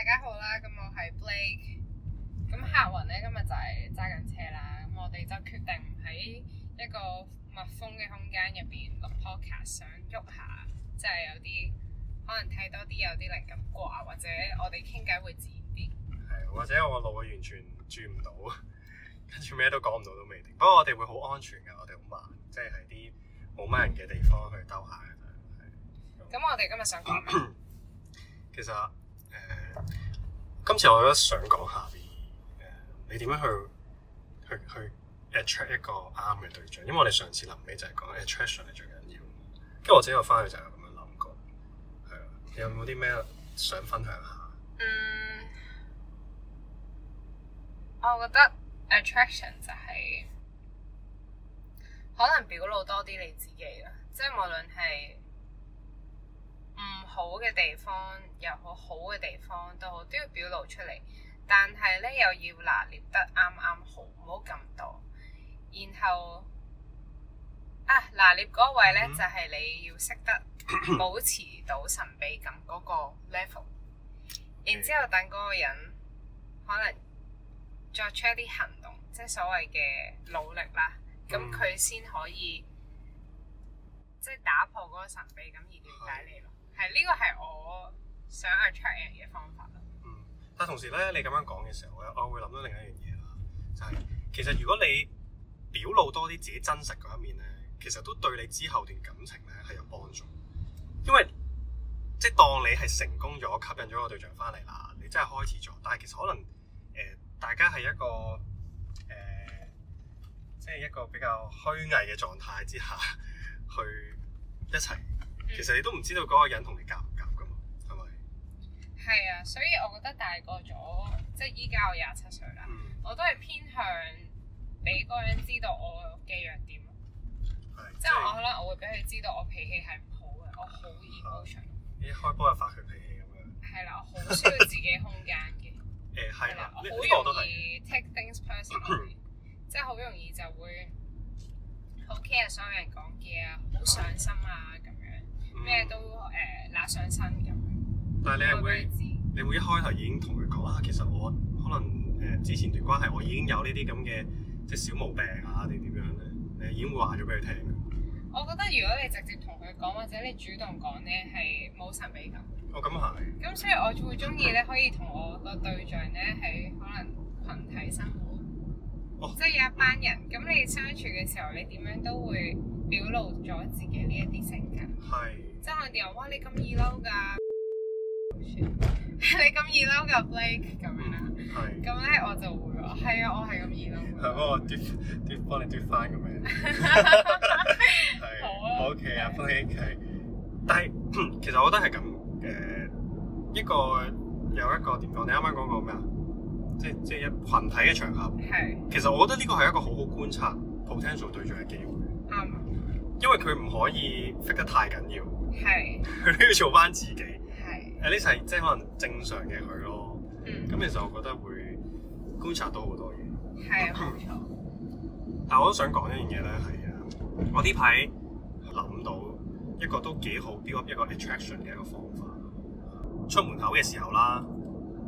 大家好啦，咁我係 Blake，咁黑雲咧今日就係揸緊車啦，咁我哋就決定喺一個密封嘅空間入邊錄 podcast，想喐下，即係，有啲可能睇多啲，有啲靈感啩，或者我哋傾偈會自然啲。係，或者我腦完全轉唔到，跟住咩都講唔到都未定。不過我哋會好安全㗎，我哋好慢，即係喺啲冇咩人嘅地方去兜下。咁我哋今日想講 ，其實誒。今次我覺得想講下啲你點樣去去去 attract 一個啱嘅對象？因為我哋上次臨尾就係講 attraction 係最緊要，跟住我自己個翻去就係咁樣諗過，係啊，你有冇啲咩想分享下？嗯，我覺得 attraction 就係可能表露多啲你自己啦，即係無論係。唔好嘅地方又好好嘅地方都好，都要表露出嚟，但係咧又要拿捏得啱啱好，唔好咁多。然後啊，拿捏嗰位咧、嗯、就係你要識得保持到神秘感嗰個 level，、嗯、然之後等嗰個人可能作出一啲行動，即係所謂嘅努力啦，咁佢先可以即係打破嗰個神秘感而了解你咯。嗯係呢個係我想去 check 嘅方法咯。嗯，但同時咧，你咁樣講嘅時候咧，我會諗到另一樣嘢啦，就係、是、其實如果你表露多啲自己真實嗰一面咧，其實都對你之後段感情咧係有幫助，因為即係當你係成功咗吸引咗個對象翻嚟啦，你真係開始咗，但係其實可能誒、呃，大家係一個誒、呃，即係一個比較虛偽嘅狀態之下去一齊。其實你都唔知道嗰個人同你夾唔夾噶嘛，係咪？係啊，所以我覺得大個咗，即係依家我廿七歲啦，嗯、我都係偏向俾嗰人知道我嘅弱點。咯、就是。即係我可能我會俾佢知道我脾氣係唔好嘅，我好、like、易暴躁。一開波就發佢脾氣咁樣。係啦，我好需要自己空間嘅。誒係啦，好易 take things personally，即係好容易就會好 care 所有人講嘢啊，好上心啊咁。咩都誒揦上身咁，但係你係會你會一開頭已經同佢講啊，其實我可能誒、呃、之前段關係我已經有呢啲咁嘅即係小毛病啊，定點樣咧？你已經會話咗俾佢聽。我覺得如果你直接同佢講，或者你主動講咧，係冇神秘感。哦，咁係。咁所以我會鍾意咧，可以同我個對象咧，喺可能群體生活。哦。即有一班人咁，你相處嘅時候，你點樣都會表露咗自己呢一啲性格。係。即係我哋話，哇！你咁易嬲噶， 你咁易嬲噶 Blake 咁樣，咁咧是我就會，係啊，我係咁易嬲。係幫我奪奪幫你 do 翻咁樣，係， 好啊。O K 啊，幫你一齊。但係其實我覺得係咁嘅，一個有一個點講，你啱啱講過咩啊？即係即係一群體嘅場合。係。其實我覺得呢個係一個好好觀察 potential 對象嘅機會。啱、嗯。因為佢唔可以 fit 得太緊要。係佢都要做翻自己。係的，誒呢係即係可能正常嘅佢咯。嗯，咁其實我覺得會觀察到多的 好多嘢。係，唔錯。但係我都想講一樣嘢咧，係啊，我呢排諗到一個都幾好 build 一個 attraction 嘅一個方法。出門口嘅時候啦，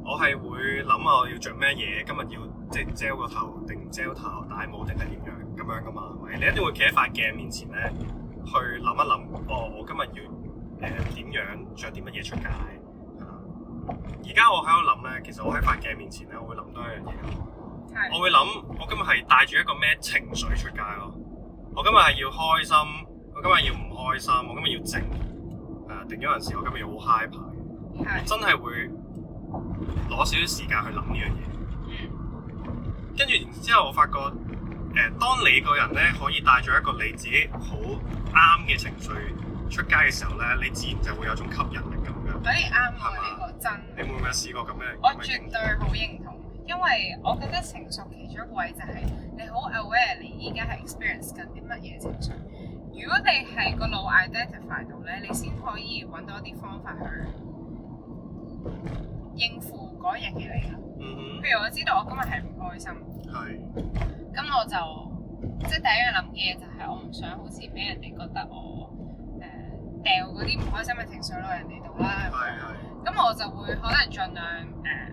我係會諗啊，我要着咩嘢？今日要即係 gel 個頭定 gel 頭戴帽定係點樣咁樣噶嘛？係咪？你一定會企喺塊鏡面前咧。去諗一諗，哦，我今日要誒、呃、點樣着啲乜嘢出街？而、呃、家我喺度諗咧，其實我喺塊鏡面前咧，我會諗多一樣嘢，的我會諗我今日係帶住一個咩情緒出街咯。我今日係要開心，我今日要唔開心，我今日要靜。誒、呃，定咗陣時，我今日要好 high 派，真係會攞少少時間去諗呢樣嘢。嗯，跟住然之後，後我發覺。誒，當你個人咧可以帶咗一個你自己好啱嘅情緒出街嘅時候咧，你自然就會有種吸引力咁樣，所以啱係一個真。你會唔會試過咁樣？我絕對好認同，因為我覺得成熟其中一個位就係你好 aware 你依家係 experience 緊啲乜嘢情緒。如果你係個腦 identify 到咧，你先可以揾到一啲方法去應付嗰日嘅你。嚟、嗯嗯。嗯哼。譬如我知道我今日係唔開心。係。咁我就即係第一樣諗嘅嘢就係，我唔想好似俾人哋覺得我誒掉嗰啲唔開心嘅情緒落人哋度啦。係係、嗯。咁、嗯、我就會可能盡量誒、呃，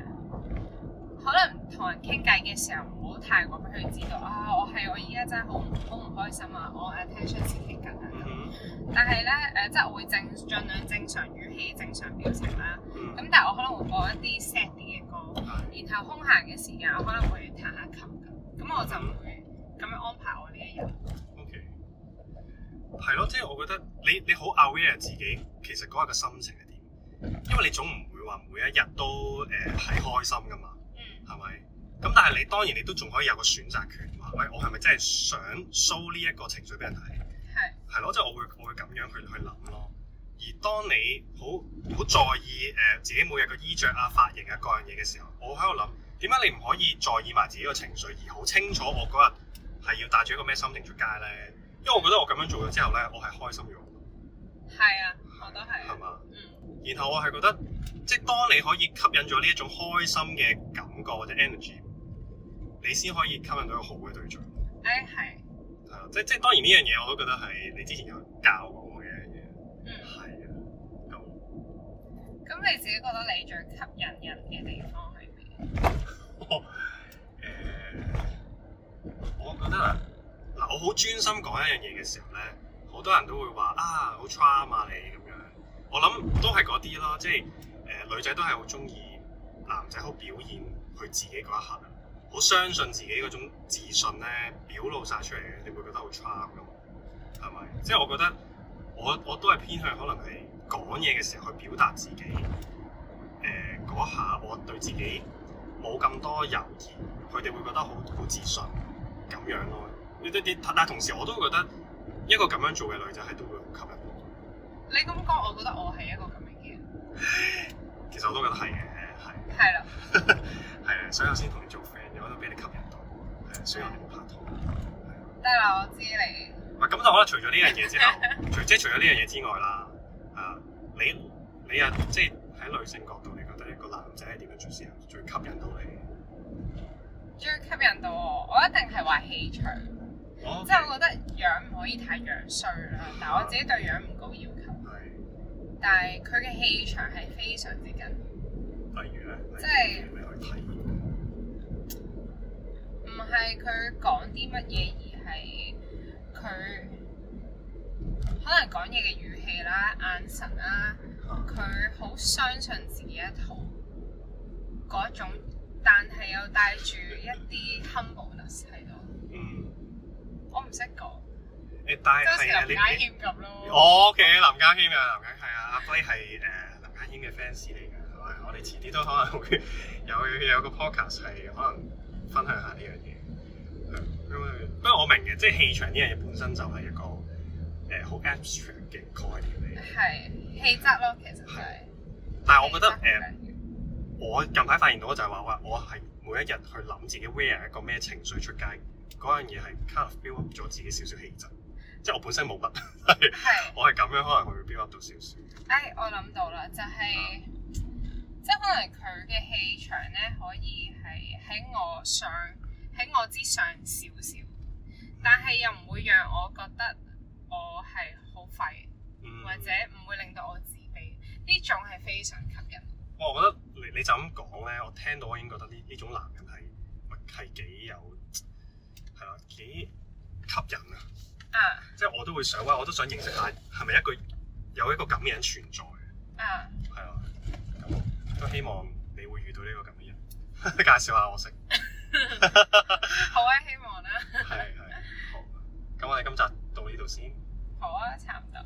可能同人傾偈嘅時候唔好太過俾佢知道啊！我係我依家真係好唔好唔開心啊！我 attention 誒傾緊。嗯。但係咧誒，即係我會正盡,盡量正常語氣、正常表情啦。嗯。咁但係我可能會播一啲 sad 啲嘅歌，嗯、然後空閒嘅時間我可能會彈下琴,琴。咁我就唔會咁樣安排我呢一日。OK，係咯，即係我覺得你你好 Aware 自己其實嗰日嘅心情係點，因為你總唔會話每一日都誒係開心噶嘛。嗯。係咪？咁但係你當然你都仲可以有個選擇權話，喂，我係咪真係想 show 呢一個情緒俾人睇？係。係咯，即係我會我會咁樣去去諗咯。而當你好好在意誒自己每日嘅衣着啊、髮型啊各樣嘢嘅時候，我喺度諗。點解你唔可以在意埋自己個情緒，而好清楚我嗰日係要帶住一個咩心情出街咧？因為我覺得我咁樣做咗之後咧，我係開心咗。係啊，我都係。係嘛吧，嗯。然後我係覺得，即係當你可以吸引咗呢一種開心嘅感覺或者 energy，你先可以吸引到一個好嘅對象。誒、哎，係。係啊、嗯，即係即係，當然呢樣嘢我都覺得係你之前有教過我嘅。嘢、嗯啊。嗯，係啊。咁咁，你自己覺得你最吸引人嘅地方係？我誒、 呃，我覺得嗱，我好專心講一樣嘢嘅時候咧，好多人都會話啊好 charm 啊你咁樣，我諗都係嗰啲咯，即係誒、呃、女仔都係好中意男仔好表演佢自己嗰一刻，好相信自己嗰種自信咧表露晒出嚟，你會覺得好 charm 噶嘛，係咪？即係我覺得我我都係偏向可能係講嘢嘅時候去表達自己，誒、呃，下我對自己。冇咁多友誼，佢哋會覺得好好自信咁樣咯。呢啲啲，但係同時我都覺得一個咁樣做嘅女仔係都會好吸引我。你咁講，我覺得我係一個咁樣嘅人。 其實我都覺得係嘅，係。係啦的，係啊， 所以我先同你做 friend，我都俾你吸引到，所以我哋拍拖。得啦，我知你。唔係咁就可能除咗呢樣嘢之後，即係除咗呢樣嘢之外啦。 啊，你你啊，即係喺女性角度。第一個男仔點樣做事、啊、最吸引到你？最吸引到我，我一定係話氣場。Oh, okay. 即係我覺得樣唔可以太樣衰啦，啊、但係我自己對樣唔高要求。啊、但係佢嘅氣場係非常之緊。例如咧？即係唔係佢講啲乜嘢，而係佢可能講嘢嘅語氣啦、眼神啦、啊，佢好、啊、相信。一套嗰種，但係又帶住一啲 humbleness 喺度。嗯、um.，我唔識講。謙謙你帶也係啊？林家謙咯。O K，林家謙啊，林家謙係啊，阿輝係誒林家謙嘅 fans 嚟噶，係咪？我哋遲啲都可能會有有個 podcast 係，可能分享下呢樣嘢。因為不過我明嘅，即係氣場呢樣嘢本身就係一個誒好、呃、abstract 嘅概念嚟。係氣質咯，其實係。聽但係我覺得誒、嗯、我近排發現到就係話話，我係每一日去諗自己 wear 一個咩情緒出街，樣嘢係 kind of build up 咗自己少少氣質，即係我本身冇乜，係是我係咁樣可能會 build up 到少少。誒、哎、我諗到啦，就係、是嗯、即係可能佢嘅氣場咧，可以係喺我上喺我之上少少，但係又唔會讓我覺得我係好廢，或者唔會令到我。呢種係非常吸引。哦、我覺得你你就咁講咧，我聽到我已經覺得呢呢種男人係係幾有係咯、啊、幾吸引啊！Uh, 即係我都會想，我都想認識下係咪一個有一個咁嘅人存在、uh, 啊！係啊，咁都希望你會遇到呢個咁嘅人， 介紹下我識。 好啊，希望啦、啊。係係好。咁我哋今集到呢度先。好啊，好啊，差唔多。